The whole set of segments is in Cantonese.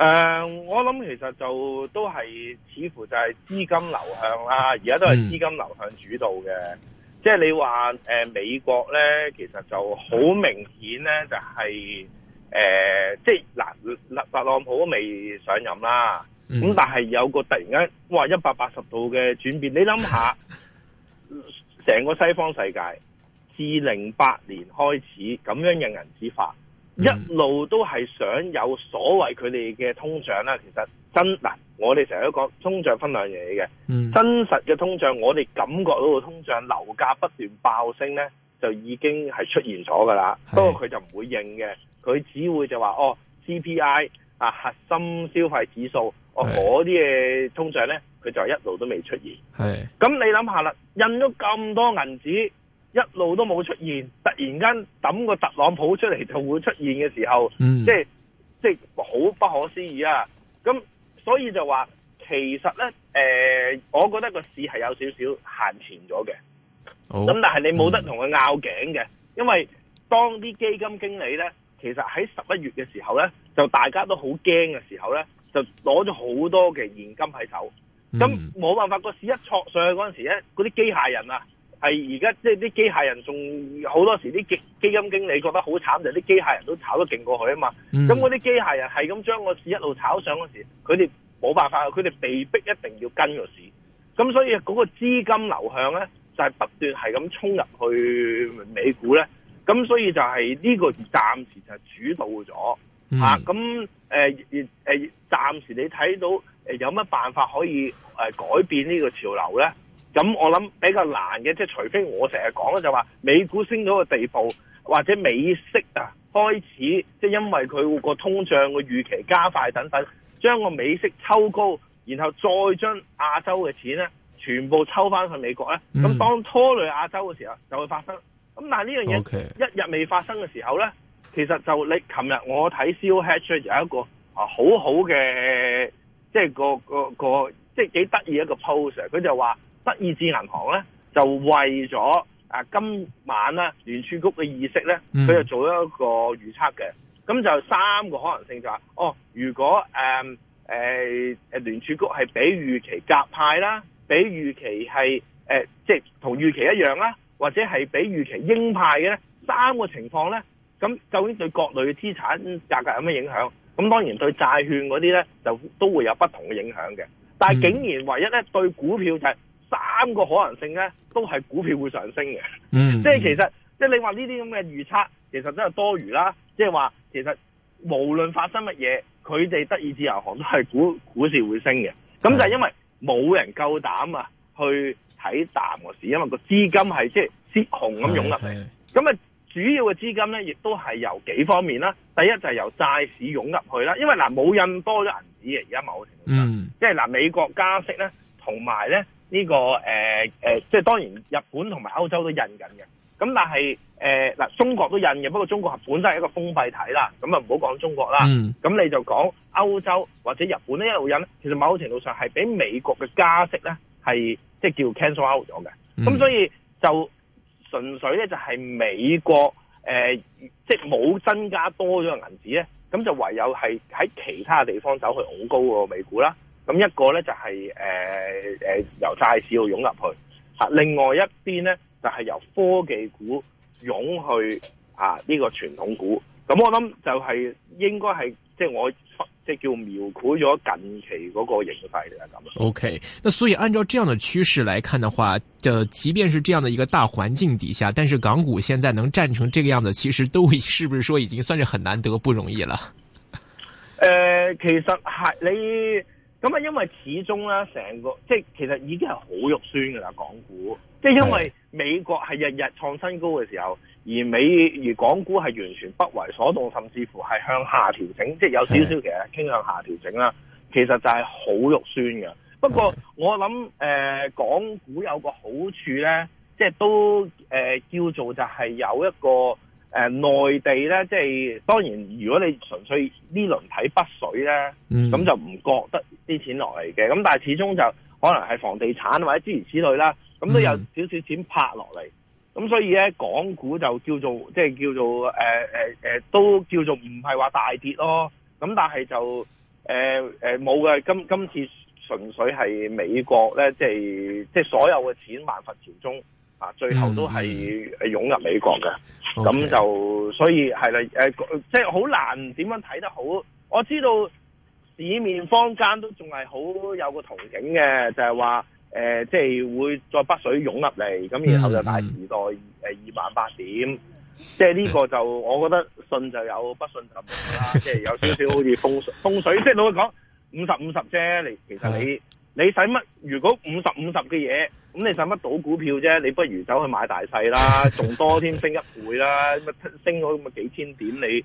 誒、呃，我諗其實就都係似乎就係資金流向啦，而家都係資金流向主導嘅。即係你話誒美國咧，其實就好明顯咧、就是，就係誒，即係嗱 ArmyEh... 嗱、uh,，特朗普都未上任啦。咁、嗯、但係有個突然間，哇，一百八十度嘅轉變。你諗下，成個西方世界自零八年開始咁樣嘅銀紙化。嗯、一路都係想有所謂佢哋嘅通脹啦，其實真嗱，我哋成日都講通脹分兩樣嘢嘅，真實嘅通脹，我哋感覺到個通脹樓價不斷爆升呢，就已經係出現咗噶啦。他不過佢就唔會認嘅，佢只會就話哦 CPI 啊，核心消費指數哦嗰啲嘅通脹呢，佢就一路都未出現。係咁你諗下啦，印咗咁多銀紙。一路都冇出現，突然間抌個特朗普出嚟就會出現嘅時候，嗯、即係即係好不可思議啊！咁所以就話其實呢，誒、呃，我覺得個市係有少少閒錢咗嘅。咁但係你冇得同佢拗頸嘅，因為當啲基金經理呢，其實喺十一月嘅時候呢，就大家都好驚嘅時候呢，就攞咗好多嘅現金喺手。咁、嗯、冇辦法，個市一挫上去嗰陣時嗰啲機械人啊！係而家即係啲機械人仲好多時啲基基金經理覺得好慘就係、是、啲機械人都炒得勁過佢啊嘛，咁嗰啲機械人係咁將個市一路炒上嗰時，佢哋冇辦法，佢哋被逼一定要跟個市，咁所以嗰個資金流向咧就係、是、不斷係咁衝入去美股咧，咁所以就係呢個暫時就係主導咗吓，咁誒誒暫時你睇到誒有乜辦法可以誒改變呢個潮流咧？咁我諗比較難嘅，即係除非我成日講啦，就話美股升到個地步，或者美息啊開始，即係因為佢個通脹個預期加快等等，將個美息抽高，然後再將亞洲嘅錢咧全部抽翻去美國咧，咁當拖累亞洲嘅時候就會發生。咁、嗯、但係呢樣嘢一日未發生嘅時候咧，其實就你琴日我睇 ZeroHedge 有一個啊好好嘅，即係個個個即係幾得意一個 post，佢就話。德意志銀行咧就為咗啊今晚咧聯儲局嘅意識咧，佢就做咗一個預測嘅。咁就三個可能性就係、是：哦，如果誒誒誒聯儲局係比預期鴿派啦，比預期係誒、呃、即係同預期一樣啦，或者係比預期鷹派嘅咧，三個情況咧，咁究竟對各類嘅資產價格有咩影響？咁當然對債券嗰啲咧就都會有不同嘅影響嘅。但係竟然唯一咧對股票就係、是。三個可能性咧，都係股票會上升嘅。嗯，即係其實，即係你話呢啲咁嘅預測，其實真係多餘啦。即係話，其實無論發生乜嘢，佢哋德意志銀行都係股股市會升嘅。咁、嗯、就係因為冇人夠膽啊，去睇淡個市，因為個資金係即係失控咁湧入嚟。咁啊，那麼主要嘅資金咧，亦都係由幾方面啦、啊。第一就係由債市湧入去啦，因為嗱冇印多咗銀紙嘅而家某程度上，嗯、即係嗱美國加息咧，同埋咧。呢、這個誒誒、呃呃，即係當然，日本同埋歐洲都印緊嘅。咁但係誒嗱，中國都印嘅，不過中國本身係一個封閉體啦，咁啊唔好講中國啦。咁、嗯、你就講歐洲或者日本呢一路印，其實某程度上係俾美國嘅加息咧，係即係叫 cancel out 咗嘅。咁、嗯、所以就純粹咧就係美國誒，即係冇增加多咗銀紙咧，咁就唯有係喺其他地方走去好高個美股啦。咁一個咧就係誒誒由債市度湧入去吓、啊，另外一邊咧就係、是、由科技股湧去吓呢、啊這個傳統股。咁、啊這個啊、我諗就係應該係即係我即係叫描繪咗近期嗰個形勢嚟啊咁。O、okay, K，那所以按照這樣的趨勢來看的話，誒，即便是這樣的一個大環境底下，但是港股現在能站成這個樣子，其實都是不是說已經算是很難得，不容易啦？誒、呃，其實係、啊、你。咁啊，因為始終啦，成個即係其實已經係好肉酸噶啦，港股，即係因為美國係日日創新高嘅時候，而美而港股係完全不為所動，甚至乎係向下調整，即係有少少其實傾向下調整啦。其實就係好肉酸嘅。不過我諗誒、呃、港股有個好處咧，即係都誒、呃、叫做就係有一個。誒、呃，內地咧，即係當然，如果你純粹輪不呢輪睇北水咧，咁、嗯、就唔覺得啲錢落嚟嘅。咁但係始終就可能係房地產或者諸如此類啦，咁都有少少錢拍落嚟。咁、嗯、所以咧，港股就叫做即係叫做誒誒誒，都叫做唔係話大跌咯。咁但係就誒誒冇嘅。今今次純粹係美國咧，即係即係所有嘅錢萬佛朝宗。啊！最後都係誒湧入美國嘅，咁、嗯、就、okay. 所以係啦誒，即係好難點樣睇得好。我知道市面坊間都仲係好有個憧憬嘅，就係話誒，即係會再北水湧入嚟，咁然後就大時代誒二,二萬八點。嗯、即係呢個就 我覺得信就有，不信就冇啦。 即係有少少好似風水 風水，即係老實講，五十五十啫。你其實你你使乜？如果五十五十嘅嘢？咁你使乜賭股票啫？你不如走去買大細啦，仲多添升一倍啦，咁啊升咗咁啊幾千點你。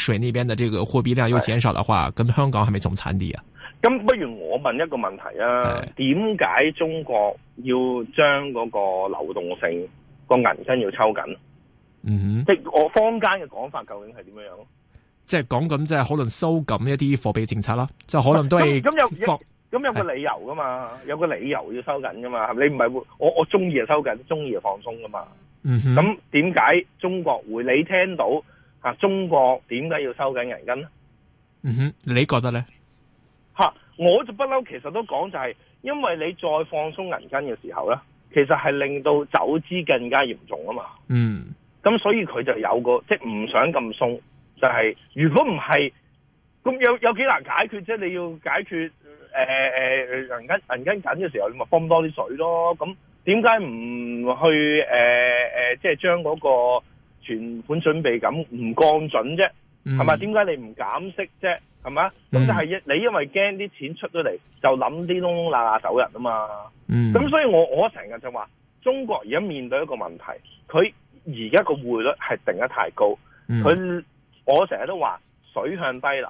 水那邊的這個貨幣量又減少的話，咁香港係咪仲慘啲啊？咁不如我問一個問題啊。點解中國要將嗰個流動性，那個銀根要抽緊？嗯哼，即我坊間嘅講法，究竟係點樣樣咯？即係講緊即係可能收緊一啲貨幣政策啦，即係可能都係咁有咁有個理由噶嘛？有個理由要收緊噶嘛？係咪？你唔係我我中意就收緊，中意就放鬆噶嘛？嗯哼，咁點解中國會你聽到？啊！中國點解要收緊銀根咧？嗯哼，你覺得咧？吓、啊，我就不嬲，其實都講就係、是，因為你再放鬆銀根嘅時候咧，其實係令到走資更加嚴重啊嘛。嗯，咁所以佢就有個即係唔想咁鬆，就係、是就是、如果唔係，咁有有幾難解決啫？你要解決誒誒銀根銀根緊嘅時候，你咪放多啲水咯。咁點解唔去誒誒、呃呃，即係將嗰個？存款準備咁唔降準啫，係、嗯、咪？點解你唔減息啫？係咪啊？咁就係你因為驚啲錢出咗嚟，就諗啲窿窿罅罅走人啊嘛。咁、嗯、所以我我成日就話，中國而家面對一個問題，佢而家個匯率係定得太高。佢、嗯、我成日都話水向低流，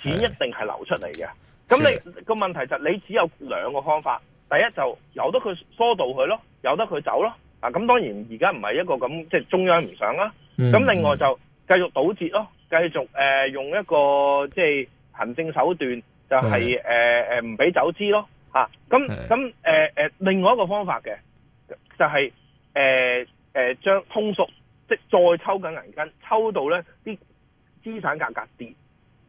錢一定係流出嚟嘅。咁你、個問題就你只有兩個方法，第一就由得佢疏導佢咯，由得佢走咯。咁、啊、當然而家唔係一個咁即係中央唔想啦、啊。咁、嗯、另外就繼續堵截咯，繼續誒、呃、用一個即係行政手段、就係，就係誒唔俾走資咯。嚇，咁咁誒另外一個方法嘅就係誒誒將通縮，即係再抽緊銀根，抽到咧啲資產價格跌，誒、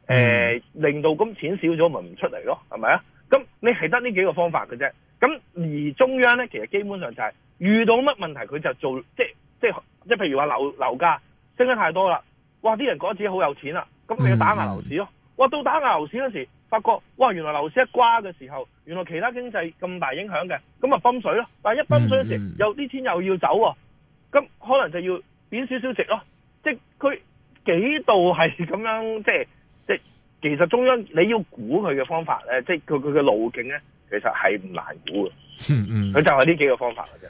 呃、令到咁錢少咗咪唔出嚟咯，係咪啊？咁你係得呢幾個方法嘅啫。咁而中央咧其實基本上就係、係。遇到乜問題佢就做即係即係即係，譬如話樓樓價升得太多啦，哇啲人覺得自己好有錢啦，咁你要打壓樓市咯、嗯啊。哇到打壓樓市嗰時發覺哇原來樓市一瓜嘅時候，原來其他經濟咁大影響嘅，咁啊泵水咯。但係一泵水嗰時又啲、嗯、錢又要走、哦，咁可能就要貶少少值咯、嗯啊。即係佢幾度係咁樣，即係即係，即係其實中央你要估佢嘅方法咧，即係佢佢嘅路徑咧，其實係唔難估嘅。嗯嗯，佢就係呢幾個方法嘅啫。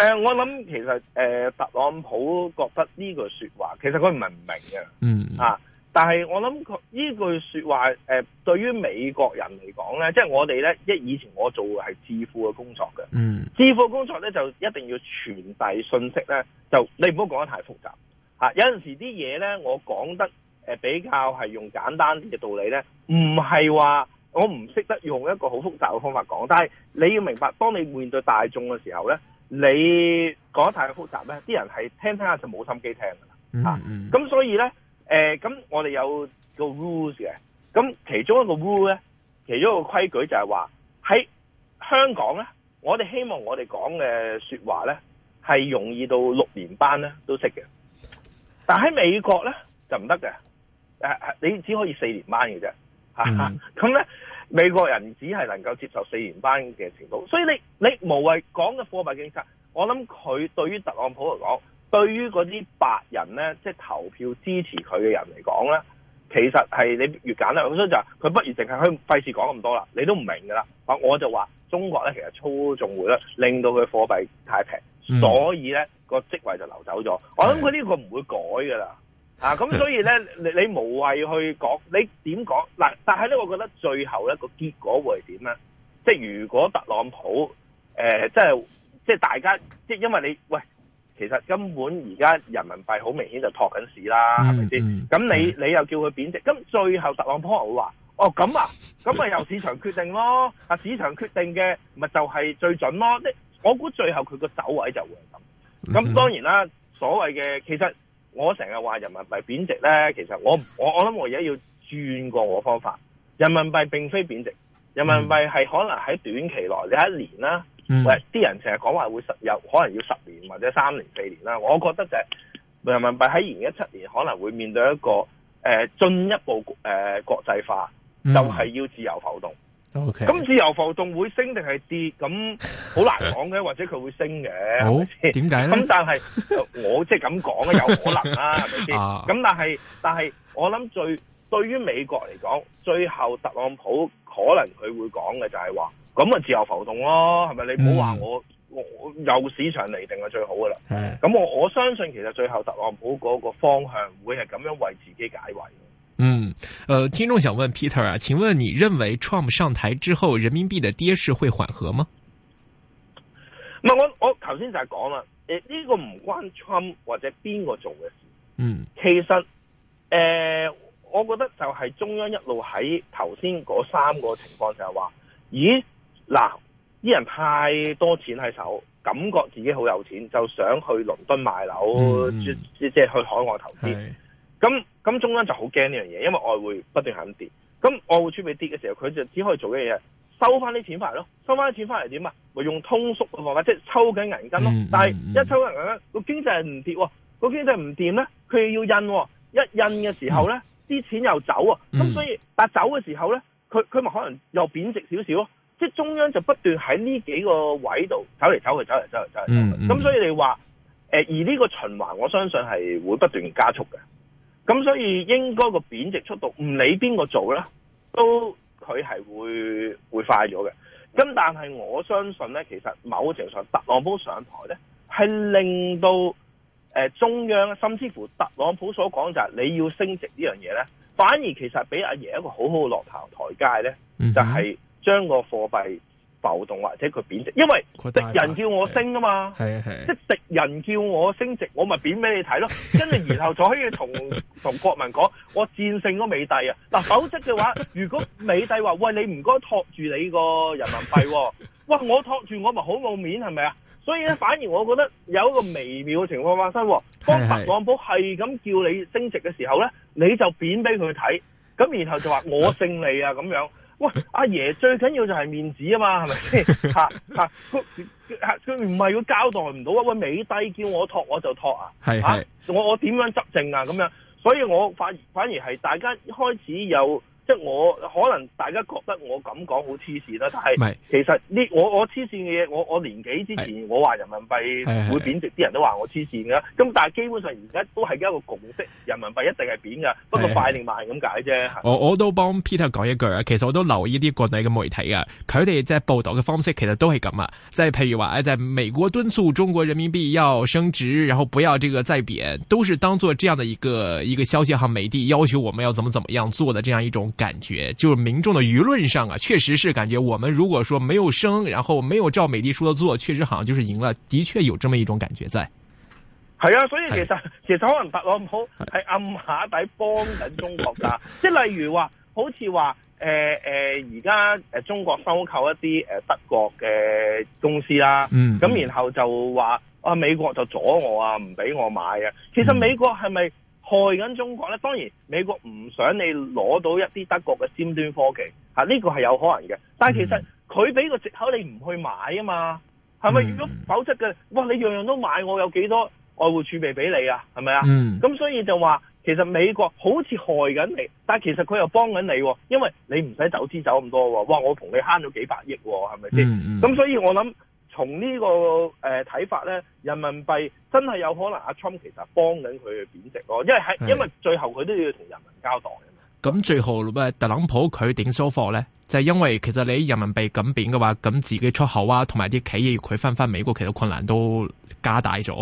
誒、呃，我諗其實誒、呃，特朗普覺得呢句說話，其實佢唔係唔明嘅，嗯啊，但係我諗佢呢句說話，誒、呃，對於美國人嚟講咧，即係我哋咧，即係以前我做係智庫嘅工作嘅，嗯，智庫工作咧就一定要傳遞信息咧，就你唔好講得太複雜，吓、啊，有陣時啲嘢咧，我講得誒比較係用簡單啲嘅道理咧，唔係話我唔識得用一個好複雜嘅方法講，但係你要明白，當你面對大眾嘅時候咧。你講得太複雜咧，啲人係聽聽下就冇心機聽噶啦，咁、嗯嗯啊、所以咧，誒、呃、咁我哋有個 rules 嘅，咁其中一個 rule 咧，其中一個規矩就係話喺香港咧，我哋希望我哋講嘅說話咧係容易到六年班咧都識嘅，但喺美國咧就唔得嘅，誒你只可以四年班嘅啫，咁、啊、咧。嗯啊美國人只係能夠接受四年班嘅程度，所以你你無謂講嘅貨幣政策，我諗佢對於特朗普嚟講，對於嗰啲白人咧，即係投票支持佢嘅人嚟講咧，其實係你越簡單，所以就係佢不如淨係去費事講咁多啦，你都唔明噶啦。我我就話中國咧其實操縱匯率，令到佢貨幣太平，所以咧、嗰個職位就流走咗。我諗佢呢個唔會改噶啦。嗯嗯啊，咁所以咧，你你無謂去講，你點講嗱？但係咧，我覺得最後一個結果會係點咧？即係如果特朗普誒、呃，即係即係大家即係，因為你喂，其實根本而家人民幣好明顯就托緊市啦，係咪先？咁、嗯、你你又叫佢貶值，咁、嗯、最後特朗普又話哦咁啊，咁咪由市場決定咯，啊市場決定嘅咪就係最準咯。我估最後佢個走位就會係咁。咁當然啦，所謂嘅其實。我成日話人民幣貶值咧，其實我我我諗我而家要轉過我方法。人民幣並非貶值，人民幣係可能喺短期內，你一年啦、嗯，喂啲人成日講話會十，有可能要十年或者三年四年啦。我覺得就係、是、人民幣喺二零一七年可能會面對一個誒進、呃、一步誒國際、呃、化，就係、是、要自由浮動。嗯 O K，咁自由浮動會升定係跌？咁好難講嘅，或者佢會升嘅，好點解？咁但係 我即係咁講嘅，有可能啦、啊，係咪先？咁、啊、但係但係我諗最對於美國嚟講，最後特朗普可能佢會講嘅就係話，咁啊自由浮動咯，係咪？你唔好話我、嗯、我由市場嚟定係最好噶啦。係咁我我相信其實最後特朗普嗰個方向會係咁樣為自己解圍。嗯，誒、呃，聽眾想問 Peter 啊，請問你認為 Trump 上台之後，人民幣嘅跌勢會緩和嗎？唔係我我頭先就係講啦，誒、呃、呢、呢個唔關 Trump 或者邊個做嘅事。嗯，其實誒、呃，我覺得就係中央一路喺頭先嗰三個情況就係話，咦嗱，啲人太多錢喺手，感覺自己好有錢，就想去倫敦買樓，即即係去海外投資，咁。嗯咁中央就好驚呢樣嘢，因為外匯不斷喺咁跌。咁外匯儲備跌嘅時候，佢就只可以做嘅嘢收翻啲錢翻嚟咯。收翻啲錢翻嚟點啊？咪用通縮嘅方法，即係抽緊銀根咯。但係一抽緊銀根，個經濟係唔跌，個經濟唔掂咧，佢要印。一印嘅時候咧，啲錢又走啊。咁所以但走嘅時候咧，佢佢咪可能又貶值少少咯。即係中央就不斷喺呢幾個位度走嚟走，走，走，走去，走嚟走嚟走嚟走嚟。咁、嗯、所以你話誒，而呢個循環，我相信係會不斷加速嘅。咁所以應該個貶值速度唔理邊個做咧，都佢係會會快咗嘅。咁但係我相信咧，其實某程度上特朗普上台咧，係令到、呃、中央甚至乎特朗普所講就係你要升值呢樣嘢咧，反而其實俾阿爺一個好好嘅落頭台，台階咧，就係、是、將個貨幣。暴動或者佢貶值，因為敵人叫我升啊嘛，即係敵人叫我升值，我咪貶俾你睇咯，跟住然後就可以同同國民講，我戰勝咗美帝啊！嗱，否則嘅話，如果美帝話：「喂，你唔該托住你個人民幣，喎，哇，我托住我咪好冇面係咪啊？所以咧，反而我覺得有一個微妙嘅情況發生啊，當特朗普係咁叫你升值嘅時候咧，你就貶俾佢睇，咁然後就話：「我勝利啊咁樣。」喂，阿、啊、爺最緊要就係面子啊嘛，係咪？嚇嚇佢，佢嚇佢，唔係佢交代唔到啊！喂、哎，美帝叫我托，我就托。啊！係係、啊，我我點樣執政啊？咁樣，所以我反反而係大家開始有。即係我可能大家覺得我咁講好黐線啦，但係其實呢，我我黐線嘅嘢，我,我，我年幾之前我話人民幣會貶值，啲人都話我黐線噶，咁但係基本上而家都係一個共識，人民幣一定係貶噶，不過快定慢係咁解啫。我我都幫 Peter 講一句啊，其實我都留意啲國內嘅媒體啊，佢哋即係報道嘅方式其實都係咁啊，即係譬如話咧，即係美國敦促中國人民幣要升值，然後不要這個再貶，都是當做這樣嘅一個一個消息，哈，美帝要求我們要怎麼怎麼樣做的這樣一種。感覺，就民眾的輿論上啊，確實是感覺我們如果說沒有升，然後沒有照美帝說的做，確實好像就是贏了，的確有這麼一種感覺在。係啊，所以其實其實可能特朗普係暗下底幫緊中國噶，即 係例如話，好似話誒誒而家誒中國收購一啲誒德國嘅公司啦，咁、嗯、然後就話啊美國就阻我啊，唔俾我買啊，其實美國係咪？害緊中國咧，當然美國唔想你攞到一啲德國嘅尖端科技吓、啊這個係有可能嘅。但係其實佢俾個藉口你唔去買啊嘛，係、嗯、咪？如果否則嘅，哇！你樣樣都買，我有幾多外匯儲備俾你啊？係咪啊？咁、嗯、所以就話其實美國好似害緊你，但係其實佢又幫緊你，因為你唔使走資走咁多喎。哇！我同你慳咗幾百億喎、啊，係咪先？咁、嗯嗯、所以我諗。從、這個呃、呢個誒睇法咧，人民幣真係有可能阿、啊、Trump 其實幫緊佢去貶值咯，因為喺因為最後佢都要同人民交代咁、嗯、最後特朗普佢點收貨咧？就係、是、因為其實你人民幣咁貶嘅話，咁自己出口啊，同埋啲企業佢翻返美國，其實困難都加大咗。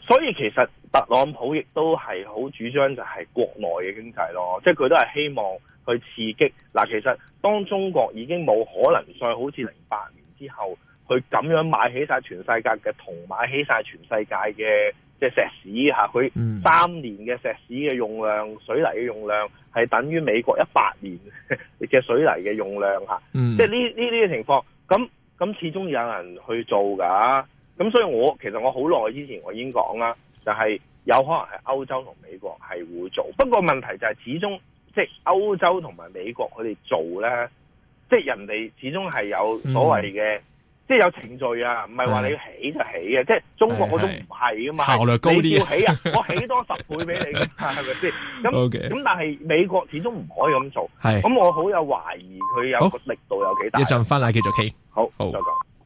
所以其實特朗普亦都係好主張就係國內嘅經濟咯，即係佢都係希望去刺激。嗱、啊，其實當中國已經冇可能再好似零八年之後。佢咁樣買起晒全世界嘅銅，買起晒全世界嘅即係石屎，佢三年嘅石屎嘅用量、嗯、水泥嘅用量係等於美國一百年嘅水泥嘅用量、嗯、即係呢呢呢個情況，咁咁始終有人去做㗎，咁所以我其實我好耐之前我已經講啦，就係、是、有可能係歐洲同美國係會做，不過問題就係始終即係歐洲同埋美國佢哋做咧，即係人哋始終係有所謂嘅。嗯即係有程序啊，唔係話你起就起啊，即係中國我都唔係啊嘛。效率高啲，你要起啊，我起多十倍俾你，係咪先？咁咁但係美國始終唔可以咁做。係，咁我好有懷疑佢有個力度有幾大。一陣翻嚟繼續起。好好。再講。